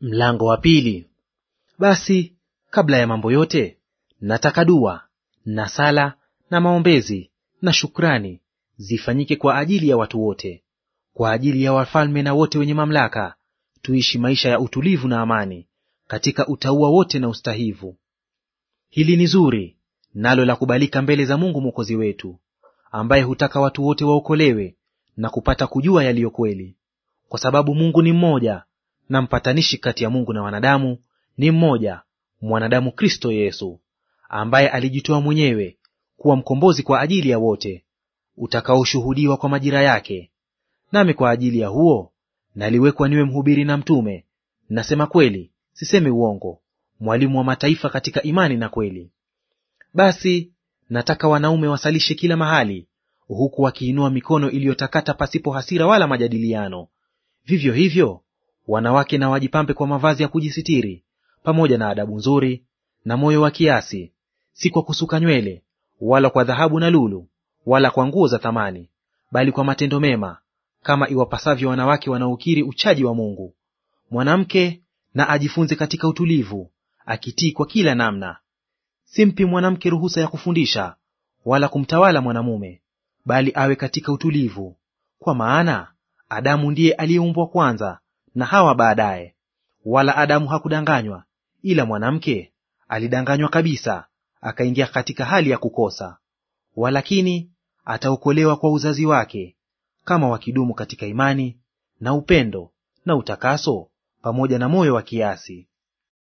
Mlango wa pili. Basi kabla ya mambo yote nataka dua na sala na maombezi na shukrani zifanyike kwa ajili ya watu wote, kwa ajili ya wafalme na wote wenye mamlaka, tuishi maisha ya utulivu na amani katika utaua wote na ustahivu. Hili ni zuri nalo la kubalika mbele za Mungu Mwokozi wetu, ambaye hutaka watu wote waokolewe na kupata kujua yaliyo kweli, kwa sababu Mungu ni mmoja na mpatanishi kati ya Mungu na wanadamu ni mmoja, mwanadamu Kristo Yesu, ambaye alijitoa mwenyewe kuwa mkombozi kwa ajili ya wote, utakaoshuhudiwa kwa majira yake. Nami kwa ajili ya huo naliwekwa niwe mhubiri na mtume, nasema kweli, sisemi uongo, mwalimu wa mataifa katika imani na kweli. Basi nataka wanaume wasalishe kila mahali, huku wakiinua mikono iliyotakata pasipo hasira wala majadiliano. Vivyo hivyo Wanawake na wajipambe kwa mavazi ya kujisitiri, pamoja na adabu nzuri na moyo wa kiasi, si kwa kusuka nywele, wala kwa dhahabu na lulu, wala kwa nguo za thamani, bali kwa matendo mema, kama iwapasavyo wanawake wanaokiri uchaji wa Mungu. Mwanamke na ajifunze katika utulivu, akitii kwa kila namna. Simpi mwanamke ruhusa ya kufundisha wala kumtawala mwanamume, bali awe katika utulivu. Kwa maana Adamu ndiye aliyeumbwa kwanza, na Hawa baadaye. Wala Adamu hakudanganywa, ila mwanamke alidanganywa kabisa, akaingia katika hali ya kukosa. Walakini ataokolewa kwa uzazi wake, kama wakidumu katika imani na upendo na utakaso, pamoja na moyo wa kiasi.